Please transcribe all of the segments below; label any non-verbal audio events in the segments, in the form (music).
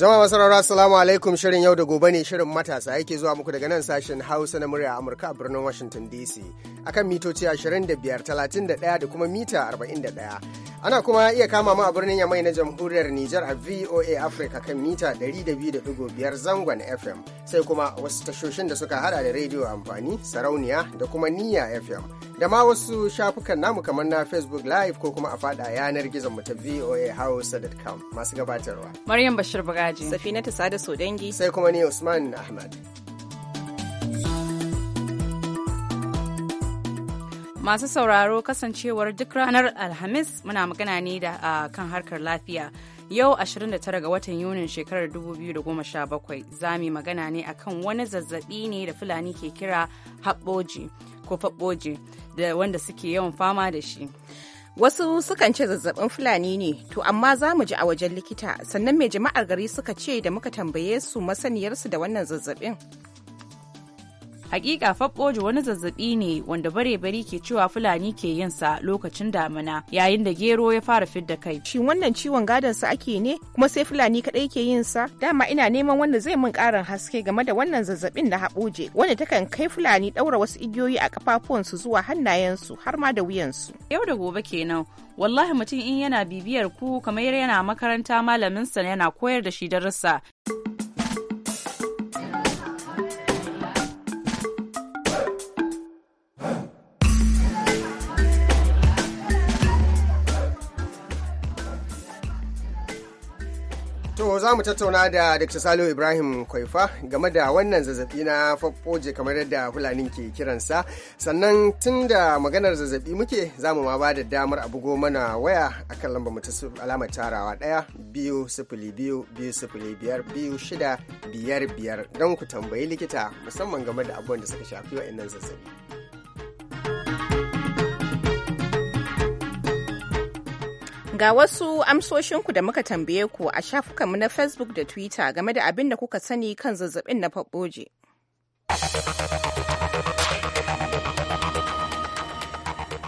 Jama'a masarara assalamu alaikum shirin yau da gobe ne shirin matasa yake zuwa muku daga nan sashen Hausa na murya Amurka a birnin Washington DC akan mitoci 25, 31 da kuma mita 41. Ana kuma iya kama mu a birnin Yamai na jamhuriyar Nijar a VOA Africa kan mita 200.5 zangon FM sai kuma wasu tashoshin da suka hada da rediyo amfani, sarauniya da kuma niyya FM. Da ma wasu shafukan namu kamar na Facebook Live ko kuma a fada yanar gizon mu ta voahausa.com masu gabatarwa. Maryam Bashir Bagaji. Safina Sada dangi. Sai kuma ni Usman Ahmad. Masu sauraro kasancewar duk ranar Alhamis muna magana ne da kan harkar lafiya. Yau 29 ga watan Yunin shekarar 2017 za mu magana ne akan wani zazzabi ne da Fulani ke kira haɓoji ko faɓoji da wanda suke yawan fama da shi. Wasu sukan ce zazzabin Fulani ne, to amma za mu ji a wajen likita, sannan mai jama'ar gari suka ce da muka tambaye su masaniyarsu da wannan zazzabin. Hakika faɓoji wani zazzabi ne wanda bare-bari ke cewa Fulani ke yin sa lokacin damina yayin da gero ya fara fidda kai. Shin wannan ciwon gadon sa ake ne kuma sai Fulani kadai ke yin sa? Dama ina neman wanda zai min karin haske game da wannan zazzabin na haɓoje wanda takan kai Fulani ɗaura wasu igiyoyi a su zuwa hannayensu har ma da wuyan su Yau da gobe kenan wallahi mutum in yana bibiyar ku kamar yana makaranta sa yana koyar da shi darussa. za mu tattauna da Dr. Salo Ibrahim Kwaifa game da wannan zazzabi na faffoje kamar yadda fulani ke kiransa. Sannan tun da maganar zazzabi muke za mu ma ba da damar a bugo mana waya a kan lamba mu ta alamar tarawa ɗaya biyu sifili biyu biyu sifili biyar biyu shida biyar biyar don ku tambayi likita musamman game da abubuwan da suka shafi wa'annan zazzabi. Ga wasu amsoshinku da muka tambaye ku a shafukanmu na Facebook da Twitter game da abin da kuka sani kan zazzabin na faɓoje.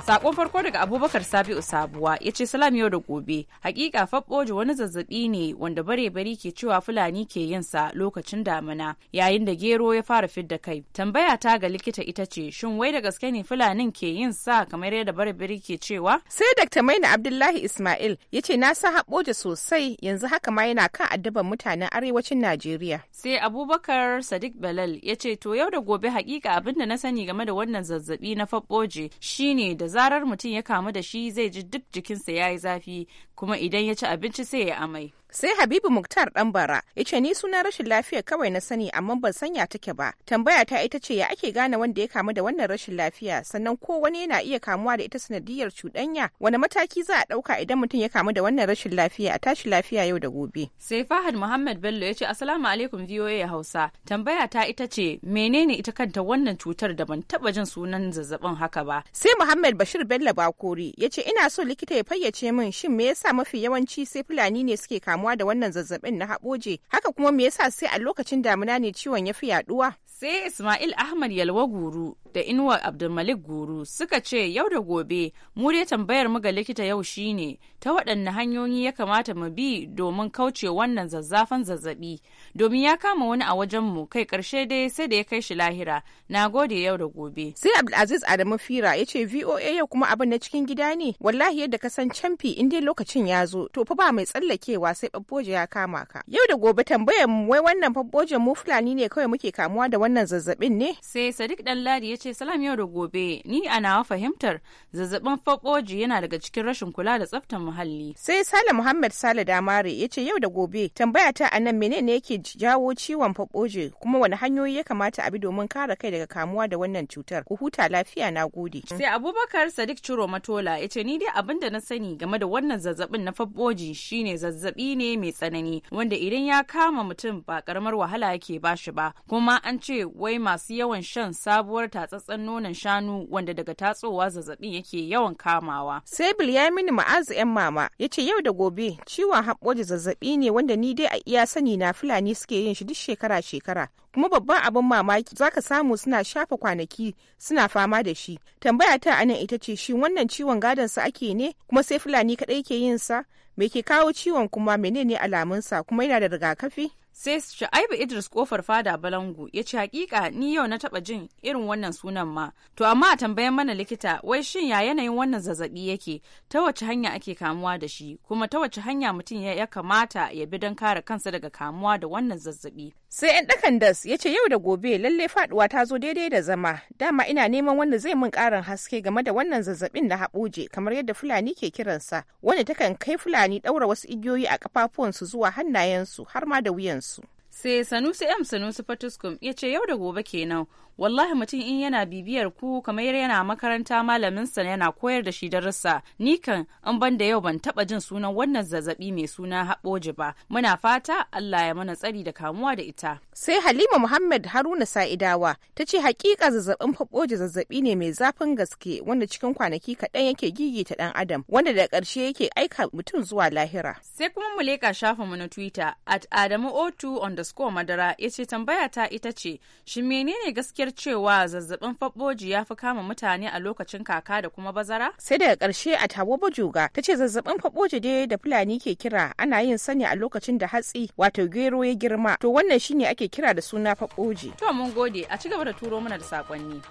Sakon farko daga Abubakar Sabi'u Sabuwa ya ce salam yau da gobe. Hakika faɓoji wani zazzaɓi ne wanda bare bari ke cewa Fulani ke yin sa lokacin damina yayin da gero ya fara fidda kai. Tambaya ta ga likita ita ce shin wai da gaske ne Fulanin ke yin sa kamar yadda bare bari ke cewa? Sai Dr. Maina Abdullahi Ismail ya ce na sa haɓoji sosai yanzu haka ma yana kan addaban mutanen arewacin Najeriya. Sai Abubakar Sadiq Balal ya ce to yau da gobe hakika abinda na sani game da wannan zazzabi na faɓoje shine da zarar mutum ya kamu da shi zai ji duk jikinsa ya yi zafi kuma idan ya ci abinci sai ya amai. sai habibu muktar dan bara ya ce ni suna rashin lafiya kawai na sani amma ban sanya take ba tambaya ta ita ce ya ake gane wanda ya kamu da wannan rashin lafiya sannan ko wani yana iya kamuwa da ita sanadiyar cuɗanya wani mataki za a ɗauka idan mutum ya kamu da wannan rashin lafiya a tashi lafiya yau da gobe sai fahad muhammad bello ya ce assalamu alaikum voa hausa tambaya ta ita ce menene ita kanta wannan cutar da ban taba jin sunan zazzabin haka ba sai muhammad bashir bello bakori ya ce ina so likita ya fayyace min shin me yasa mafi yawanci sai fulani ne suke kamu kamuwa da wannan zazzabin na haɓoje haka kuma me yasa sai a lokacin damina ne ciwon ya fi yaduwa sai Ismail Ahmad Yalwa Guru da Inuwa Abdulmalik Guru suka ce yau da gobe mu dai tambayar mu ga likita yau shine ta waɗanne hanyoyi ya kamata mu bi domin kauce wannan zazzafan zazzabi domin ya kama wani a wajen mu kai karshe dai sai da ya kai shi lahira na gode yau da gobe. Sai Abdulaziz Adamu Fira ya ce VOA yau kuma abin na cikin gida ne wallahi yadda ka san canfi in dai lokacin ya zo to fa ba mai tsallakewa sai babboje ya kama ka. Yau da gobe tambayar mu wai wannan babbojen mu Fulani ne kawai muke kamuwa da wani wannan zazzabin ne? Sai Sadiq Danladi ya ce salam yau da gobe ni a nawa fahimtar zazzabin fakoji yana daga cikin rashin kula da tsaftar muhalli. Sai Sale Muhammad Sale Damare ya ce yau da gobe tambaya ta a nan mene ne yake jawo ciwon fakoji kuma wani hanyoyi ya kamata a bi domin kare kai daga kamuwa da wannan cutar. Ku huta lafiya na gode. Sai Abubakar Sadiq Ciro Matola ya ce ni dai abin da na sani game da wannan zazzabin na fakoji shine zazzabi ne mai tsanani wanda idan ya kama mutum ba karamar wahala yake ba shi ba kuma an ce ce wai masu yawan shan sabuwar tatsatsen nonon shanu wanda daga tatsowa zazzabin yake yawan kamawa. Sai mini Ma'azu 'yan mama ya ce yau da gobe ciwon haɓoji zazzabi ne wanda ni dai a iya sani na Fulani suke yin shi duk shekara-shekara. Kuma babban abin mamaki zaka samu suna shafa kwanaki suna fama da shi. Tambaya ta anan ita ce shi wannan ciwon gadon sa ake ne kuma sai Fulani kaɗai ke yin sa? Me ke kawo ciwon kuma menene alamunsa kuma yana da rigakafi? sai sha'aibu idris kofar fada balangu ya ce hakika ni yau na taba jin irin wannan sunan ma to amma a tambayan mana likita wai shin ya yanayin wannan zazzabi yake ta wace hanya ake kamuwa da shi kuma ta wace hanya mutum ya kamata ya bi don kare kansa daga kamuwa da wannan zazzabi sai yan dakandas ya ce yau da gobe lalle faduwa ta zo daidai da zama dama ina neman wanda zai mun karin haske game da wannan zazzabin na haɓoje kamar yadda fulani ke kiransa wanda takan kai fulani ɗaura wasu igiyoyi a kafafuwansu zuwa hannayensu har ma da wuyansu sai sanusi m sanusi fatuskum ya ce yau da gobe kenan wallahi mutum in yana bibiyar ku kamar yana makaranta malamin sa yana koyar da shi darussa ni kan an ban da yau ban taba jin sunan wannan zazzabi mai suna haɓoji ba muna fata allah ya mana tsari da kamuwa da ita sai halima muhammad haruna sa'idawa ta ce hakika zazzabin haɓoji zazzabi ne mai zafin gaske wanda cikin kwanaki kaɗan yake gigita ɗan adam wanda da ƙarshe yake aika mutum zuwa lahira sai kuma mu leƙa shafinmu na twitter at adamu o2 underscore madara ya ce tambaya ta ita ce shi menene gaskiyar cewa zazzabin faɓoji ya fi kama mutane a lokacin kaka da kuma bazara? Sai daga ƙarshe a tabo bajuga ta ce zazzabin faɓoji dai da Fulani ke kira ana yin sani a lokacin da hatsi wato gero ya girma to wannan shine ake kira da suna faɓoji. To mun gode a ci gaba da turo mana da saƙonni.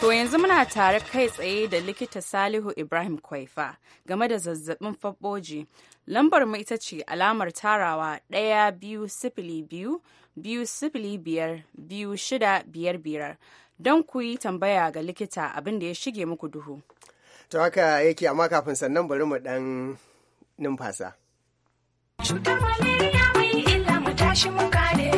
To yanzu muna tare kai tsaye da likita Salihu Ibrahim Kwaifa game da zazzabin faɓoji. Lambar mu ita ce alamar tarawa ɗaya biyu sifili biyu biyu sifili biyar biyu shida biyar biyar don ku yi tambaya ga likita abin da ya shige muku duhu. To haka yake amma kafin sannan bari mu ɗan numfasa. Cutar malaria mai illa mu tashi mu kare.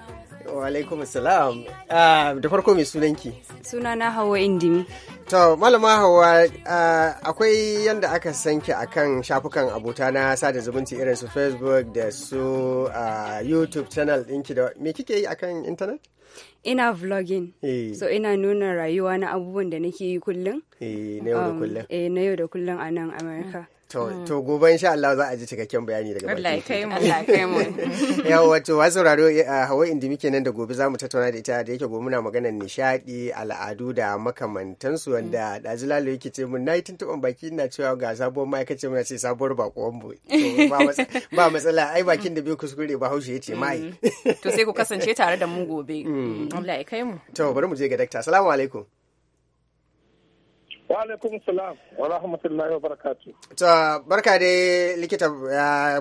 Wa alaikum salam. Ah, da farko mai sunanki? Sunana Hawa Indimi. To, malama Hawa, ah, akwai yadda aka sanki kan shafukan abota na sada zumunci irin su Facebook da su ah, YouTube channel ɗinki da me kike yi akan intanet? ina vlogging eh. so ina nuna rayuwa na abubuwan da nake yi kullum hey, eh, um, eh, na yau da kullum a nan amurka Mm. To, gobe insha Allah za a ji cikakken bayani daga baki. Allah kai mu. Yawa wato wa a Hawa Indi muke nan da gobe za mu tattauna da ita da yake gobe muna magana nishadi, al'adu da makamantansu wanda mm. Lalo yake ce mun na yi tuntuɓan baki ina cewa ga sabuwar ma'aikaci muna ce sabuwar bakuwan mu. Ba matsala ai bakin da bai kuskure ba haushe ya ce mai. Mm. To sai ku kasance tare da mu gobe. Allah ya kai mu. To bari mu je ga dakta. Assalamu alaikum. Wa alaikum salam wa rahmatullahi wa barakatu. barka dai likita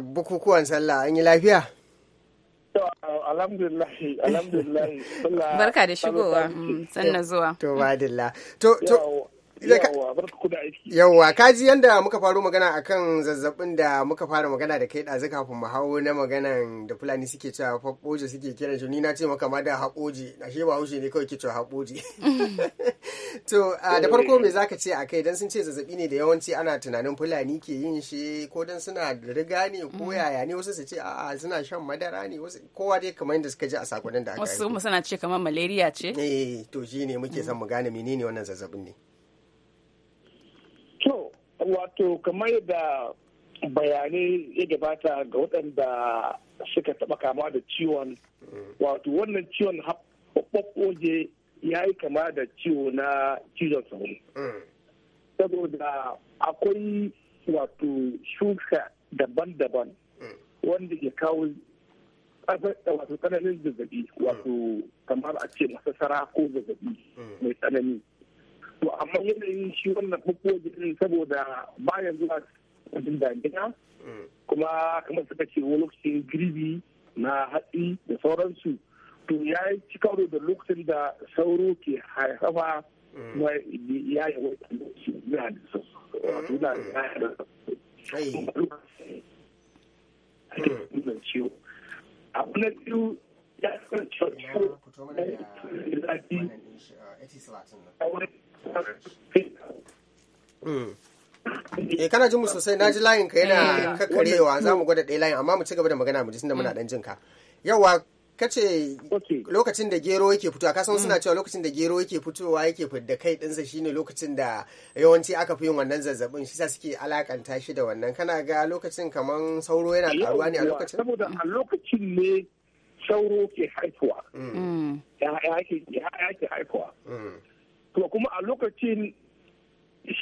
bukukuwan sallah an yi lafiya? To alhamdulillahi (laughs) alhamdulillahi. Barka da shigowa mm, sannan zuwa. To badilla. To to yawwa ji yanda muka faru magana akan zazzabin da muka fara magana da kai ɗazu kafin mu hawo na maganan da fulani suke cewa haƙoji suke kiran shi ni na ce maka ma da na shi ba haushe ne kawai ke cewa haƙoji (laughs) to da farko me zaka ce a kai dan sun ce zazzabi ne da yawanci ana tunanin fulani ke yin shi ko dan suna riga ne ko mm. yaya ne wasu su ce a'a suna shan madara ne wasu kowa dai kamar yadda suka ji a sakonin da aka yi wasu suna ce kamar malaria ce eh to ne muke son mm. mu gane menene wannan zazzabin ne wato kamar da bayanai ya gabata ga waɗanda suka taɓa kama da ciwon wato wannan ciwon haɓɓoɓɓoje ya yi kama da ciwo na cizon sauro saboda akwai wato shuka daban-daban wanda ke kawo wato tsananin zazzabi wato kamar a ce masasara ko zazzabi mai tsanani to amma yanayin shi wannan hukumomin saboda bayan zuwa wajen damina kuma kamar suka ce wani lokacin girbi na hatsi da sauransu to ya yi cikaro da lokacin da sauro ke haifafa kuma ya yi wani lokaci na da sauransu na da ciwo abu na biyu ya kasance ciwo na da zafi Eh kana jin mu sosai na ji layin ka yana eh. kakkarewa za mu gwada ɗaya layin amma mu ci gaba da magana mu ji tunda muna mm. ɗan jin ka. Yawa kace lokacin da gero yake fitowa san suna mm. cewa lokacin da gero yake fitowa yake fidda kai ɗinsa shine lokacin da yawanci aka fi yin wannan zazzabin shi sa suke alakanta shi da wannan kana ga lokacin kamar sauro yana karuwa ne a lokacin saboda a lokacin ne sauro ke haifuwa mm. ya ke haifuwa to kuma a lokacin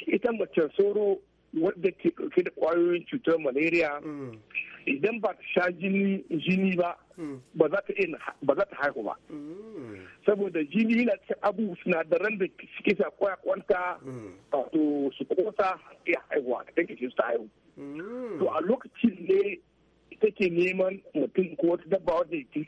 ita macen soro wadda ke dauke da kwayoyin cutar malaria mm. idan ba ta sha jini ba mm. ba za ta haihu ba mm. saboda jini yana cikin abu sinadaran da suke sa kwaya kwanta wato su kosa ya haihuwa ta take su ta haihu to a lokacin ne take neman mutum ko wata dabba wadda ke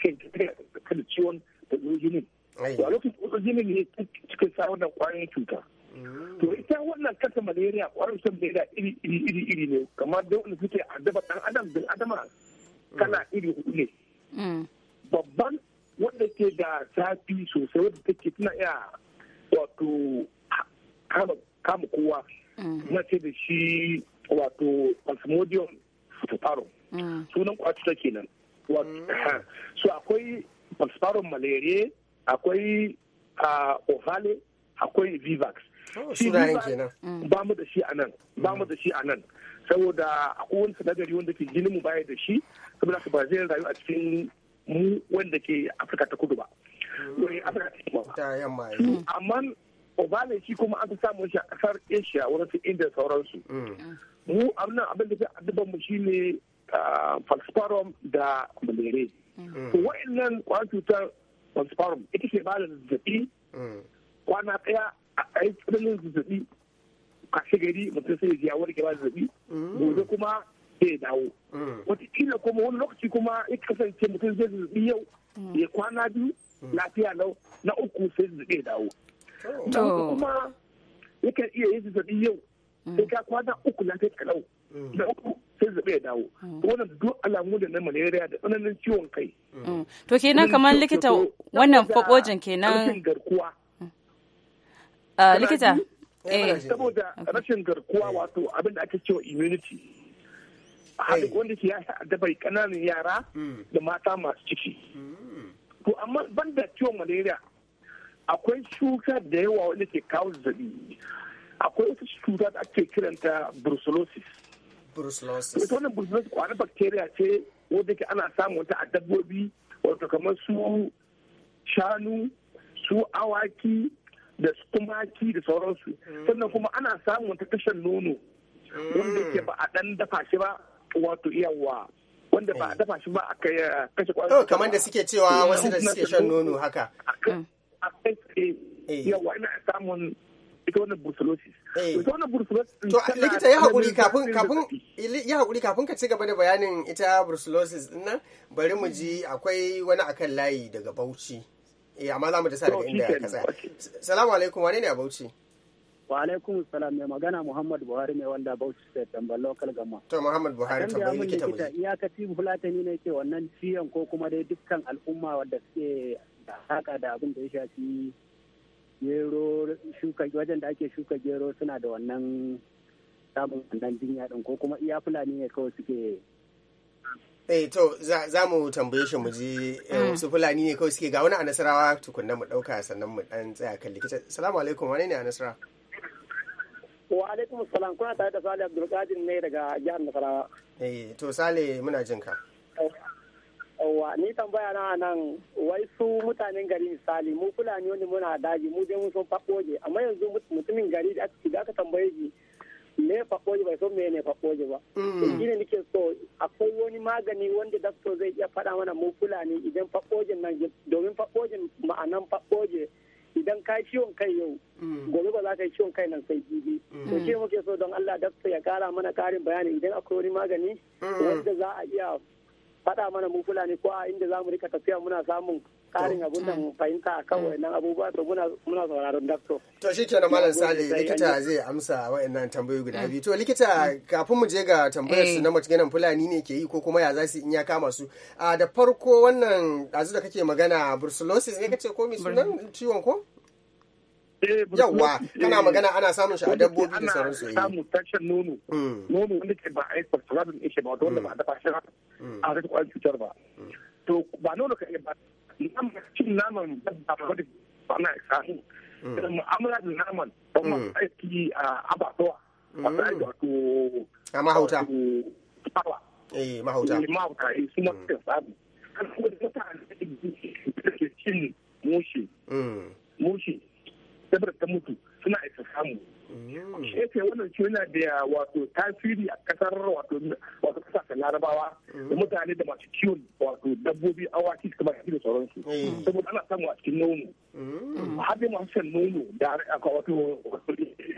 kan ciwon da jinin to a lokacin jini ne cikin sa wannan kwayoyin cuta mm. to ita wannan kasa malaria kwayoyin cutar malaria iri iri iri iri ne kamar da wanda suke addaba dan adam bin adama mm. kana iri hudu ne mm. babban wanda ke da zafi sosai wanda take tana iya wato kama kowa na ce da shi wato plasmodium falciparum sunan kwacuta kenan so akwai falciparum malaria akwai ohale akwai vivax oh, mm. ba mu da shi a nan ba mu da shi a nan saboda akwai wani sinadari wanda ke jinin mu baya da shi saboda ba zai rayu a cikin mu wanda ke afirka ta kudu ba mm. eh. amma ovale shi kuma an fi samun shi a kasar asia wani su inda sauransu mm. mu abinan abin da ke addaban mu ne falciparum da malaria Wa'in nan kwan cutar conspirum ita ce ba da zazzaɓi kwana ɗaya a yi tsananin zazzaɓi kashe gari mutum sai ya warke ba zazzaɓi gobe kuma sai ya dawo wataƙila kuma wani lokaci kuma ya kasance mutum zai zazzaɓi yau ya kwana biyu lafiya lau na uku sai zazzaɓi ya dawo. kuma yakan iya yin zazzaɓi yau sai ka kwana uku lafiya kalau da uku sai zaɓe ya dawo mm. wannan duk alamu da na malaria da tsananin ciwon kai mm. to kenan kamar likita wannan faɓojin kenan garkuwa mm. uh, likita saboda eh. Eh, rashin garkuwa eh. wato abin da ake cewa immunity hali wanda ke ya dafa kananan yara da mata masu ciki to amma banda ciwon malaria akwai shuka da yawa wanda ke kawo zazzabi akwai wata cuta da ake kiranta brucellosis brucellosis ita wannan brucellosis kwanan bacteria ce wadda ke ana samun ta a dabbobi wato kamar su shanu su awaki da su tumaki da sauransu mm. sannan kuma ana samun ta tashar nono mm. wanda ke ba a dan dafa shi ba wato yawa wanda ba a mm. dafa shi ba aka kashe kwayoyin oh, kamar da suke cewa wasu da suke shan nono haka eh. yawa ina samun ita wannan brucellosis Eh. To likita ya haƙuri kafin kafin ya haƙuri kafin ka ci gaba da bayanin ita brucellosis din nan bari mu ji akwai wani akan layi daga Bauchi. Eh amma za mu dasa daga inda ya tsaya. Salamu alaikum wane ne a Bauchi? Wa alaikum salam mai magana Muhammad Buhari ne wanda Bauchi sai tambar local gama. To Muhammad Buhari tambayi likita mu. Iyakaci Fulatani ne ke wannan ciyan ko kuma dai dukkan al'umma wadda suke da haƙa da abin da ya shafi shuka wajen da ake shuka gero suna da wannan samun wannan jinya din ko kuma iya fulani ne kawai suke eh to za mu tambaye shi mu ji eh, mm. su fulani ne kawai suke ga wani a nasarawa tukunna mu dauka sannan mu dan tsaya kan likita assalamu alaikum wane ne a nasara wa alaikum assalam kuna tare da Sale Abdulkadir ne daga jihar Nasarawa eh to Sale muna jin ka eh, yawwa ni tambaya na nan wai su mutanen gari misali mu fulani wanda muna daji mu je mu san fakoje amma yanzu mutumin gari da aka tambaye shi me fakoje bai san me ne fakoje ba mm. shi ne nake so akwai wani magani wanda dakto zai iya faɗa mana mu fulani idan fakojen nan domin fakojen ma'anan fakoje idan ka yi ciwon kai yau mm. gobe ba za ka yi ciwon kai nan sai jibi mm. to shi muke so don Allah dakto ya kara mana karin bayani idan akwai wani magani wanda za a iya faɗa mana mu fulani ko a inda zamu rika tafiya muna samun karin abin da mm. fahimta a kan mm. wayannan abubuwa to muna sauraron dakto. To shi kenan Malam Sale likita zai amsa wayannan tambayoyi guda mm. biyu. To likita kafin mu je ga tambayar su eh. na matgenan Fulani ne ke yi ko kuma ya za su in ya kama su. A da farko wannan azu da kake magana brucellosis ne kace ko mai sunan ciwon ko? Eh, Yawwa, eh, kana magana ana samun shi a dabbobi da sauran su. Ana eh. samun tashin nono. Hmm. Nono wanda ke ba a yi kwastoradin ishe ba, wata wanda ba a hmm. dafa shi hmm. a rasa kwayar cutar ba. To ba nono ka iya ba, cin naman dabba ba wadda ba na samu. Mu'amala da naman ba ma aiki a ababuwa. Masu aiki wato. A mahauta. Eh, mahauta. Mahauta, eh, su ma suka samu. Kan kuma da mutane da ke cin mushi. Mushi. dabbar ta mutu suna isa samu mm. shi ce wannan ce yana da wato tasiri a kasar wato wato kasashen larabawa da mm. mutane da masu kiwon wato dabbobi awaki kamar da sauransu mm. saboda ana samu a cikin nono har dai masu shan nono da wato wato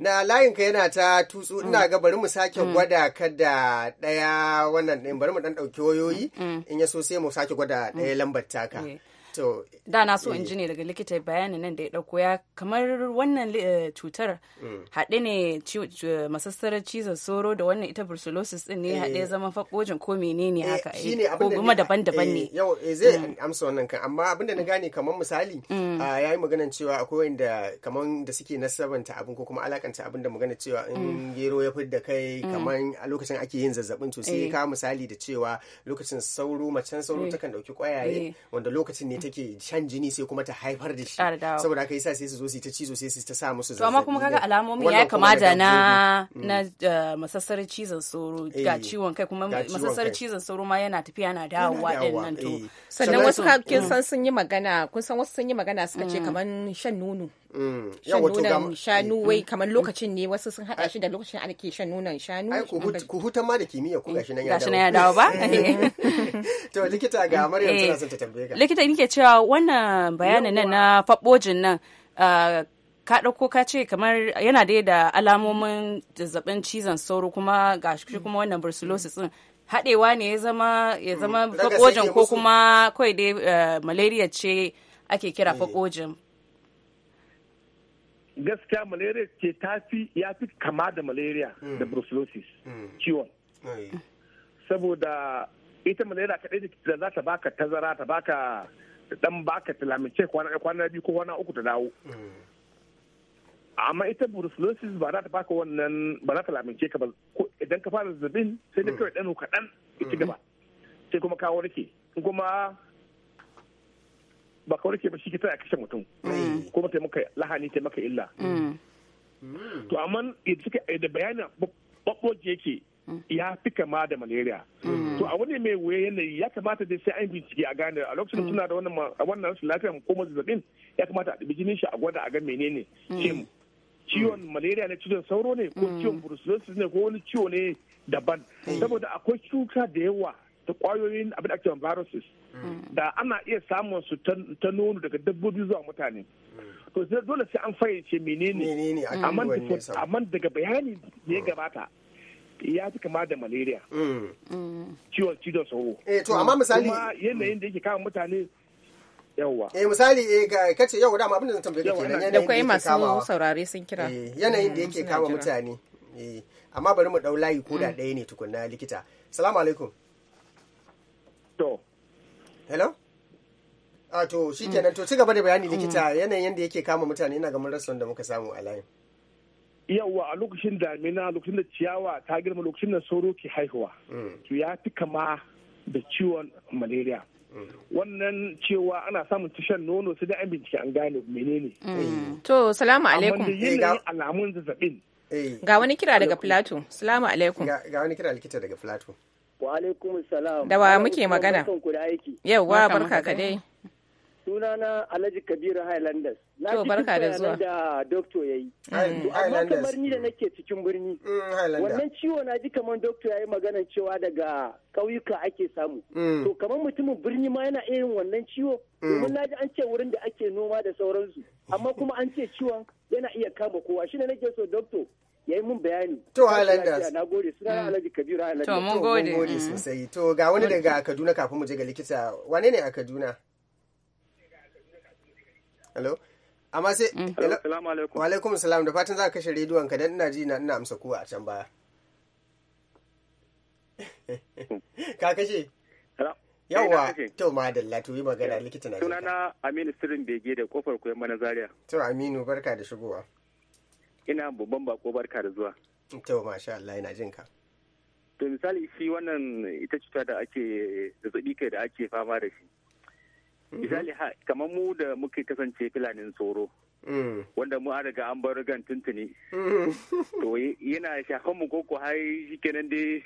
na layin ka yana ta tutsu mm. ina ga bari mu sake mm. gwada ka da daya wannan bari mu dan dauki wayoyi mm. in ya so sai mu sake gwada daya lambar taka eh. da na so in eh. ji ne daga likita bayani nan da ya dauko ya kamar wannan eh, cutar mm. haɗe ne eh, masassarar cizon soro da wannan ita brucellosis din ne haɗe zama fakojin ko menene haka ko kuma daban-daban ne yau zai mm. amsa wannan kan amma abinda na mm. gane kamar misali ah, ya yi maganan cewa akwai wanda kamar da suke nasabanta abin ko kuma alakanta abin da magana cewa in gero ya fidda kai kamar a lokacin ake yin zazzabin to sai ka misali da cewa lokacin sauro macen sauro takan dauki kwayaye wanda lokacin ne ta take shan jini sai kuma ta haifar da shi saboda haka yasa sai su zo su ta cizo sai su ta sa musu zazzabi to amma kuma kaga alamomi ya kama da na na mm. eh, masassar cizon sauro eh, ga ciwon kai kuma masassar cizon sauro ma yana tafiya yana dawowa din nan to eh. sannan wasu kin mm. san sun yi magana kun san wasu sun yi magana suka ce mm. kaman shan nono Mm. shan nunan shanu mm. wai mm. kamar lokacin ne wasu sun haɗa shi da lokacin ake shan nunan shanu ai ku hutan ma da kimiyya ku gashi nan ya dawo gashi nan ya dawo ba (laughs) eh. (laughs) to likita ga Maryam tana eh. son ta tambaye ka likita nike cewa wannan bayanin nan na faɓojin nan ah, ka ɗauko ka ce kamar yana dai da alamomin zazzabin cizon sauro kuma ga shi kuma wannan brucellosis din haɗewa ne ya zama ya zama fakojin ko kuma kawai dai eh, malaria ce ake kira faɓojin. gaskiya malaria ce ta fi ya fi kama da malaria hmm. da brucellosis hmm. ciwon saboda ita malaria kaɗai da za ta baka tazara ta baka dan baka tilamince kwana biyu ko kwana uku ta dawo hmm. amma ita brucellosis ba za ta baka wannan ba za ta lamince ka ba idan ka fara zazzabin sai da kawai ɗano kaɗan ita gaba sai kuma kawo rike kuma ba kawai ke ba shi ke ya kashe mutum mm. kuma ta maka lahani ta maka illa mm. Mm. to amma eh, da bayanin je yake ya fi kama da malaria to a wani mai wuya yanayi ya kamata da sai an bincike a gane a lokacin suna da wannan wannan rashin lafiya ko zazzabin ya kamata a ɗabi jinin shi a gwada a ga menene shin ciwon malaria ne ciwon sauro ne ko ciwon brucellosis ne ko wani ciwo ne daban saboda akwai cuta da yawa ta kwayoyin abin ake viruses mm. da ana iya samun su ta nono daga dabbobi zuwa mutane mm. to dole sai an fayyace menene amma daga bayani da ya mm. gabata ya fi kama da malaria ciwon cizon sauro eh, to amma misali kuma yanayin da yake kama mutane yawwa eh misali eh ga kace yau da abin da zan tambaye ka kenan da kai masu saurare sun kira eh, yanayin da yake kawo mutane eh, amma bari mu dau layi ko da ɗaya ne tukunna likita salamu alaikum to hello a to shi mm. kenan to ci gaba da bayani mm. likita yanayin yadda yake kama mutane na gamar rasuwan da muka samu a layin yawwa a lokacin damina lokacin da ciyawa ta girma lokacin da sauro ke haihuwa mm. to ya fi kama da ciwon malaria wannan cewa ana samun tushen nono sai da an bincike an gane menene eh. to salamu alaikum amma da eh, yanayin alamun zazzabin eh. ga wani kira daga Plato. salamu alaikum ga wani kira likita daga Plato. Wa alaikum Da wa muke magana? Yauwa barka ka dai. Sunana Alhaji Kabiru Highlanders. To barka da zuwa. Da doctor yayi. Mm. Amma kamar ni da nake cikin birni. Mm, wannan ciwo na ji kamar ya yayi magana cewa daga kauyuka ake samu. Mm. To kamar mutumin birni ma yana irin wannan ciwo. Domin na ji an ce wurin da ake noma da sauransu. Amma kuma an ce ciwon yana iya kama kowa. Shi ne nake so doktor ya yi mun bayani. To Highlanders. Na gode suna mm. Alhaji Kabiru Highlanders. To mun gode. gode mm. sosai. To ga wani daga Kaduna kafin mu je ga likita. Wane ne a Kaduna? Hello. Amma sai. Mm. Hello. Assalamu alaikum. Wa alaikum salam da fatan za ka kashe rediyon ka dan ina ji na ina amsa kuwa a can baya. (laughs) Ka kashe? Yawwa, eh, to madalla to yi magana likita na. na Aminu Sirrin Bege da kofar koyon mana Zaria. To Aminu barka da shigowa. ina babban bako barka da zuwa to masha Allah ina jin ka to misali shi wannan ita cuta da ake zazzabi kai da ake fama da shi mhm. misali kamar mu da muke kasance filanin tsoro mm. wanda mu an riga an bar gan tuntuni mm. to (laughs) yana shafan mu koko har shi kenan dai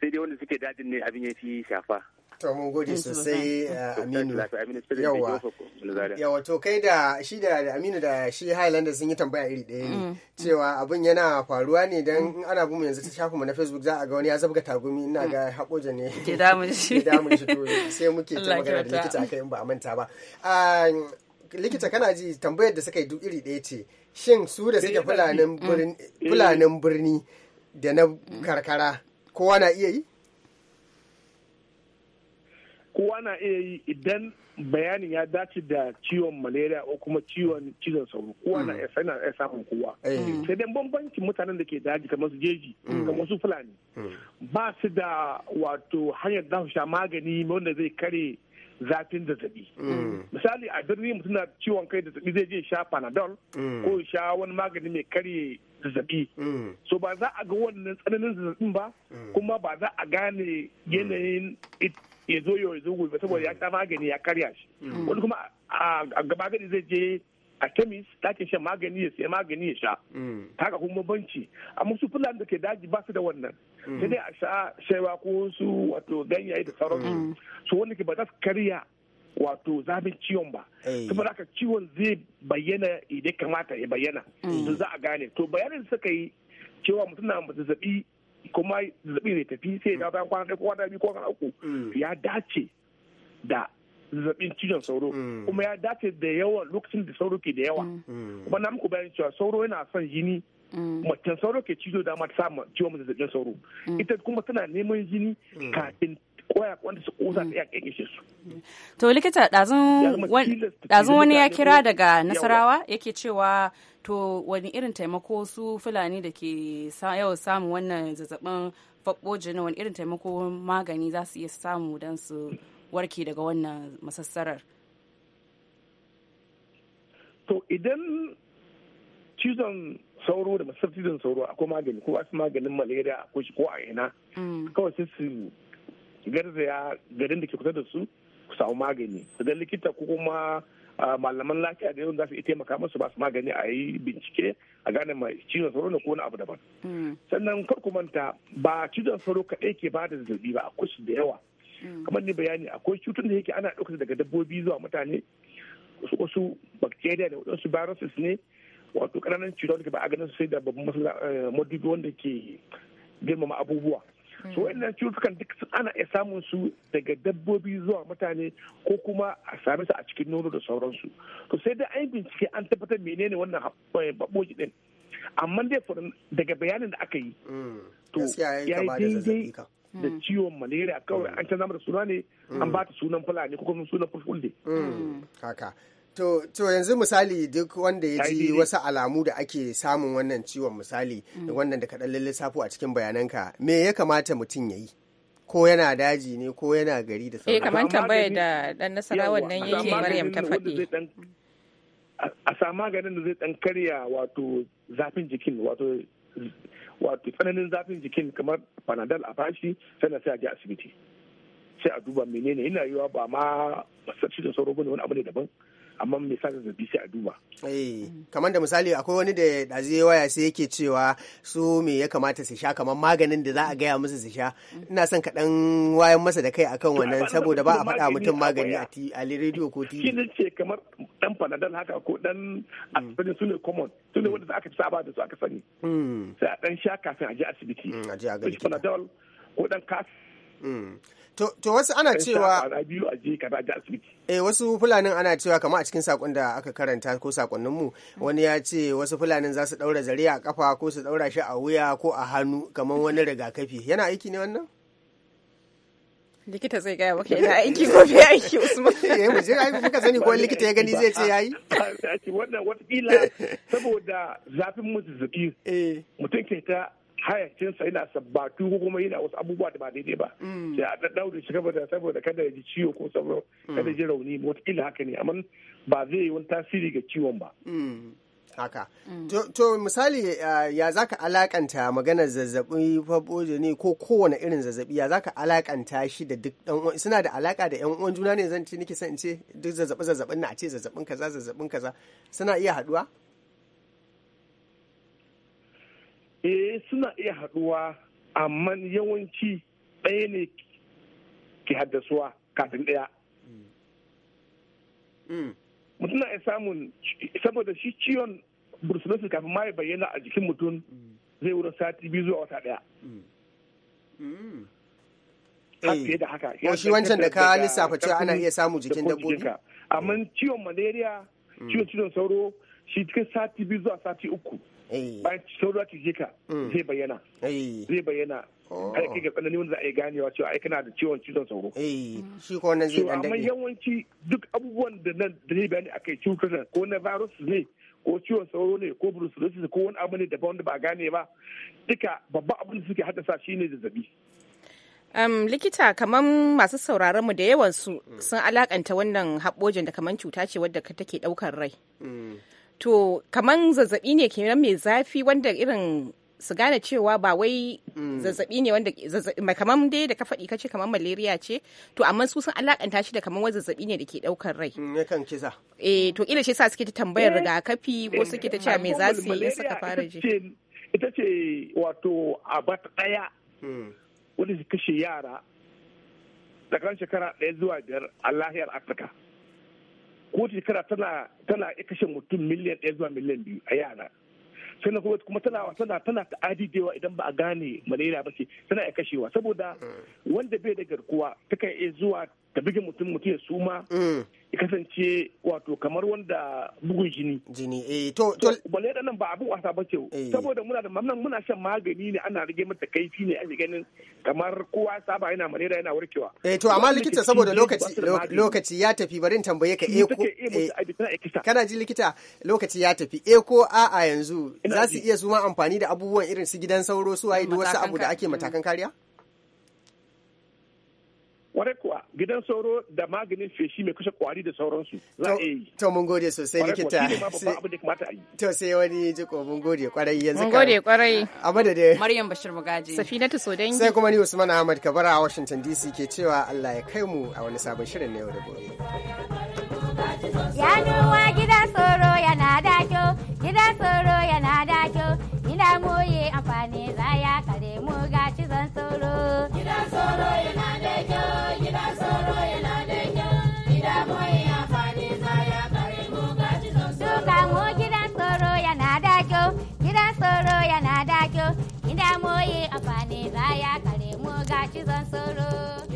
sai dai wanda suke dadin ne abin ya fi shafa To mun gode sosai uh, Aminu. Yawa. Yawa to kai da shi da Aminu da shi highland sun yi tambaya iri ɗaya ne. Mm, mm. Cewa abin yana faruwa ne dan ana bin yanzu ta shafin mu na Facebook za a ga wani ya zabga tagumi ina mm. ga hakoja ne. Ke damun shi. (laughs) Ke damun shi sai muke ta magana da likita akai in ba a manta ba. Likita kana ji tambayar da suka yi duk iri ɗaya ce. Shin su da suke fulanin birni da na karkara kowa na iya yi? kowa na iya yi idan bayanin ya dace da ciwon malaria ko kuma ciwon cizon sauro kowa na mm. iya sana iya samun kowa eh. mm. sai dai bambancin mutanen da ke daji kamar su jeji mm. kamar su fulani ba su da wato hanyar da su sha magani wanda zai kare zafin zazzabi. Misali a birni mutum na ciwon kai da zabi zai je sha panadol ko sha wani magani mai karye zazzabi. So ba za a ga wannan tsananin zazzabin ba kuma ba za a gane yanayin ya zo yau ya zo gobe saboda ya ta magani ya karya shi mm. wani kuma a gaba gadi zai je a kemis dakin shan magani ya sai magani ya sha mm. haka kuma banci amma su fulani da ke daji ba su da wannan mm. sai dai a sha shaiwa ko su wato ganyaye da sauransu su wanda ke ba za su karya wato zafin ciwon ba saboda haka ciwon zai bayyana idan kamata ya bayyana to za a gane to bayanin suka yi cewa mutum na zazzabi kuma zazzabi zai tafi sai ya bayan kwana ɗaya ko kwana biyu ko kwana uku mm. ya dace da zazzabin cizon sauro mm. kuma ya dace da yawa lokacin da sauro ke da yawa mm. kuma na muku bayan cewa sauro yana son jini macen sauro ke cizo ma ta samu ciwon zazzabin sauro ita kuma tana neman jini kafin wanda su kusa ta ya shi su. To likita ɗazun wani ya kira daga Nasarawa yake cewa to wani irin taimako su Fulani da ke yau samun wannan zazzabin faɓɓoji jini wani irin taimako magani za su iya samu don su warke daga wannan masassarar. To idan cizon sauro da masar cizon sauro akwai magani ko asu maganin malaria ko shi ko a ina mm. kawai sai su garzaya garin da ke kusa da su ku samu magani da likita ko kuma malaman lafiya da yawan za su iya taimaka masu ba su magani a yi bincike a gane mai cizon sauro ne ko wani abu daban hmm. sannan kar ku manta ba cizon sauro kaɗai ke ba da zazzabi ba akwai su da yawa hmm. kamar ni bayani akwai cutun da yake ana ɗaukar daga dabbobi zuwa mutane wasu bacteria da wasu viruses ne wato ƙananan cutar da ba a ganin su sai da babban eh, madubi wanda ke girmama abubuwa Mm. so wannan cutukan duk ana iya samun su daga dabbobi zuwa mutane ko kuma a same su a cikin nono da sauransu to sai dai an bincike an tabbatar menene wannan eh, baboji din amma dai daga bayanin da aka yi mm. to ya yi daidai da ciwon malaria kawai an canza da suna ne an mm. ba ta sunan fulani ko kuma sunan fulfulde To, to yanzu misali duk wanda ya ji wasu alamu da ake samun wannan ciwon misali da mm. wannan da kaɗan lissafo a cikin bayananka me ya kamata mutum ya yi? Ko yana daji ne ko yana gari da sauran. Eh kamar tambaya da ɗan nasara wannan yake Maryam ta faɗi. A sa maganin da zai ɗan karya wato zafin jikin wato wato tsananin zafin jikin kamar panadol a bashi sannan sai a je asibiti. Sai a duba menene yana yiwa ba ma masarci da sauro bane wani abu ne daban. amma me sa zazzabi sai a duba eh, kamar da misali akwai wani da dazi waya sai yake cewa su me ya kamata su sha kamar maganin da za a gaya musu su sha ina son ka dan wayan masa da kai akan wannan saboda ba a faɗa mutum magani a rediyo ko tv shi ce kamar dan panadol haka ko dan aspirin su ne common su ne wanda aka saba da su aka sani hmm. sai a dan sha kafin a je asibiti hmm, a je a ga panadol ko ɗan kas To wasu ana cewa Eh wasu fulanin ana cewa kamar a cikin sakon da aka karanta ko sakonnin mu wani ya ce wasu fulanin za su daura zare a kafa ko su daura shi a wuya ko a hannu kamar wani rigakafi. Yana aiki ne wannan? likita zai gaya maka yana aiki ko bai aiki usman (laughs) eh mu je ai muka sani ko likita ya gani zai ce yayi (laughs) wannan wata kila saboda zafin mu (laughs) Eh mutum ke ta hayacinsa yana sabbatu ko kuma yana wasu abubuwa da ba daidai ba mm. sai a daddaure shi saboda saboda kada ya ji ciwo ko saboda mm. kada ya ji rauni wataƙila haka ne amma ba zai yi wani tasiri ga ciwon ba mm. haka to misali uh, ya zaka alakanta maganar zazzabi faboje ne ko kowane irin zazzabi ya zaka alakanta shi da duk dan uwan suna da alaka da yan uwan juna ne zan ce nake san in ce duk zazzabi zazzabin na a ce zazzabin kaza zazzabin kaza suna iya haduwa eh suna iya haɗuwa amma yawanci ɗaya ne ke haddasuwa kafin ɗaya mm. mutum na iya samun saboda shi ciwon brucellosis kafin ma ya bayyana a jikin mutum zai wurin sati biyu zuwa wata ɗaya mm. eh. fiye da haka shi wancan da ka lissafa cewa ana iya samu jikin dabbobi amma ciwon malaria mm. ciwon cizon sauro shi cikin sati biyu zuwa sati uku Eh. bayan sauro ta je ka mm. zai bayyana eh. zai bayyana oh. aiki ga tsanani wanda za a yi ganewa cewa ai kana da ciwon cizon sauro eh. shi ko wannan zai dan dade amma yawanci duk abubuwan da nan da zai bayani akai kasa ko na virus ne ko ciwon sauro ne ko brucellosis ko wani abu ne daban wanda ba a gane ba duka babban abin da suke haddasa ne zazzabi Um, likita kamar masu sauraronmu da yawansu mm. sun alakanta wannan haɓojin da kamar cuta ce wadda take ɗaukar rai. Mm. to kaman zazzabi ne kenan mai zafi wanda irin su gane cewa ba wai mm. zazzabi ne wanda kamar dai da ka faɗi kace kamar malaria ce to amma su sun alakanta shi da kamar wani zazzabi ne da ke ɗaukar rai mm, kan kisa eh to ina shi sa suke ta tambayar eh, rigakafi ko eh, suke ta cewa me za su yi suka fara ji ita ce wato abat ɗaya mm. wanda su kashe yara daga shekara daya zuwa biyar a lahiyar afirka kotu shekara tana tana kashe mutum miliyan ɗaya zuwa miliyan biyu a yara Sannan kuma kuma tana tana tana ta adidewa idan ba a gane malaria ba ce tana iya kashewa saboda mm. wanda bai da garkuwa ta kan iya zuwa ta buge mutum mutum ya suma mm. ya kasance wato kamar wanda bugun jini jini eh to to bale da nan ba abin wasa ba ce eh. saboda muna da mamnan muna shan magani ne ana rage mata kaifi ne ake ganin kamar kowa saba yana malaria yana warkewa eh to amma likita saboda lokaci lokaci ya tafi barin tambaye ka eh, eh kana ji likita lokaci ya tafi eh ko a yanzu za su iya suma amfani da abubuwan irin su gidan sauro su waye duk wasu abu da ake matakan kariya kwarai kuwa gidan sauro da maganin feshi mai kashe kwari da sauransu za a yi to mun gode sosai likita to sai wani jiko mun gode kwarai yanzu mun gode kwarai a madadin maryam bashir mugaji ta sodangi sai kuma ni usman ahmad kabara a washington dc ke cewa allah ya kai mu a wani sabon shirin na yau da gobe ya nuwa gidan sauro yana da kyau gidan sauro yana da sara